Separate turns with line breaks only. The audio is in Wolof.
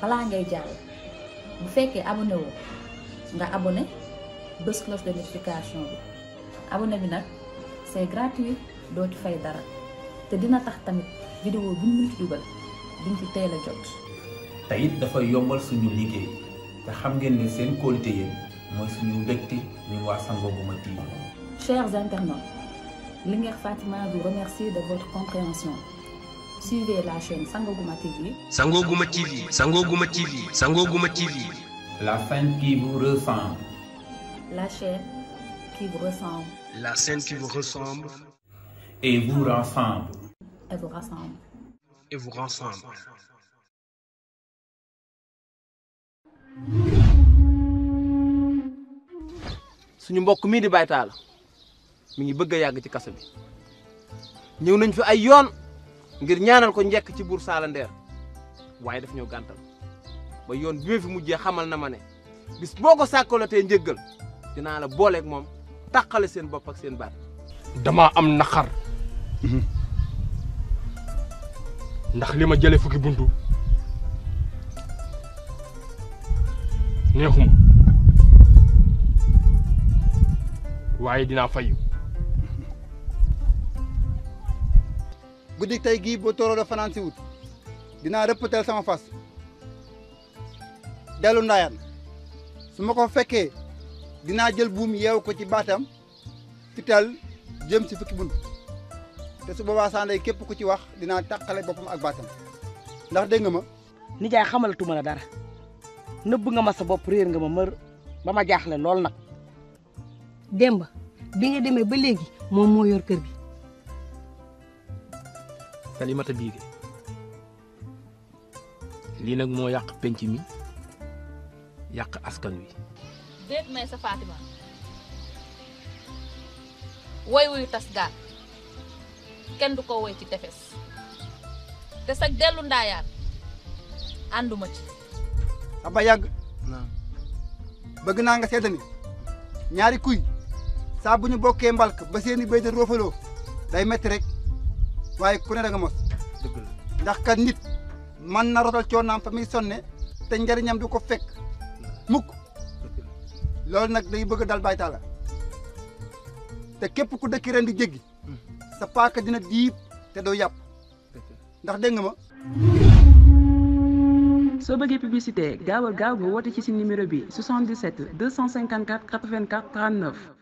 balaa ngay jall bu fekkee abonné wo nga abonné bés cloche de notification bi abonné bi nak c'est gratuit doo fay dara te dina tax tamit vidéo bu ñu duggal duñ ci teel jot.
tayit it dafay yombal suñu liggéey te xam ngeen ni seen qualité yeen moy suñu mbégte ñu wa Sango Gouma TV.
chers internautes Linguère Fatima vous remercier de votre compréhension. Suivez la chaîne Sangoguma TV.
Sangoguma TV, Sangoguma TV, Sangoguma TV. La scène qui vous ressemble.
La chaîne qui vous ressemble.
La scène qui vous ressemble. Et vous rassemble. Et vous rassemble. Et vous rassemble. suñu mbokk mii di baytaal mi ngi bëgg a ci kaso bi ñëw nañ fi ay yoon ngir ñaanal ko ñek ci bour saala ndeer waaye daf ñoo gantal ba yoon bi fi mujjé xamal na mané bis boo ko sàkkalatee njëggal dinaa la ak mom sen seen bop ak seen baat dama am nakar, mhm. ndax lima ma fukki buntu neexuma waye dina fayu guddik tay gi bo toro da fanaan wut dina repetel sama fas dellu ndayan suma ko fekke dina jël buum yew ko ci baatam fital jëm ci fukki buntu te su boobaa sande kep ku ci wax dina takale bopam ak batam ndax dégg nga ma xamal xamalatuma la dara neub nga ma sa bop reer nga ma meur bama jaxle lol nak
demba bi nga demee ba léegi mom mo yor kër bi
kalimata biige li nak mo yak penci mi yak askan wi
déet may sa fatima way wuyu tas gaal ken du ko way ci tefes te sak delu ndayar anduma ci
aba yàgg beug na nga sedani ñaari kuy sa buñu bokke mbalk ba seeni béy da day metti rek waye ku ne da nga mos. dëgg ndax kat nit man na rotal coonaam fa muy sonne te njariñam du ko fekk mukk lol nak day bëgg dal taala te kep ku dekk rendi jeegi hmm. sa paaka dina diib te do yap ndax deeng nga ma. so bëggee publicité gaawal gaaw nga ci si numéro bi 77 254 84 39.